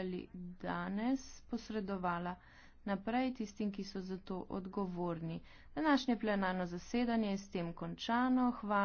ali danes posredovala naprej tistim, ki so za to odgovorni. Današnje plenarno zasedanje je s tem končano. Hvala.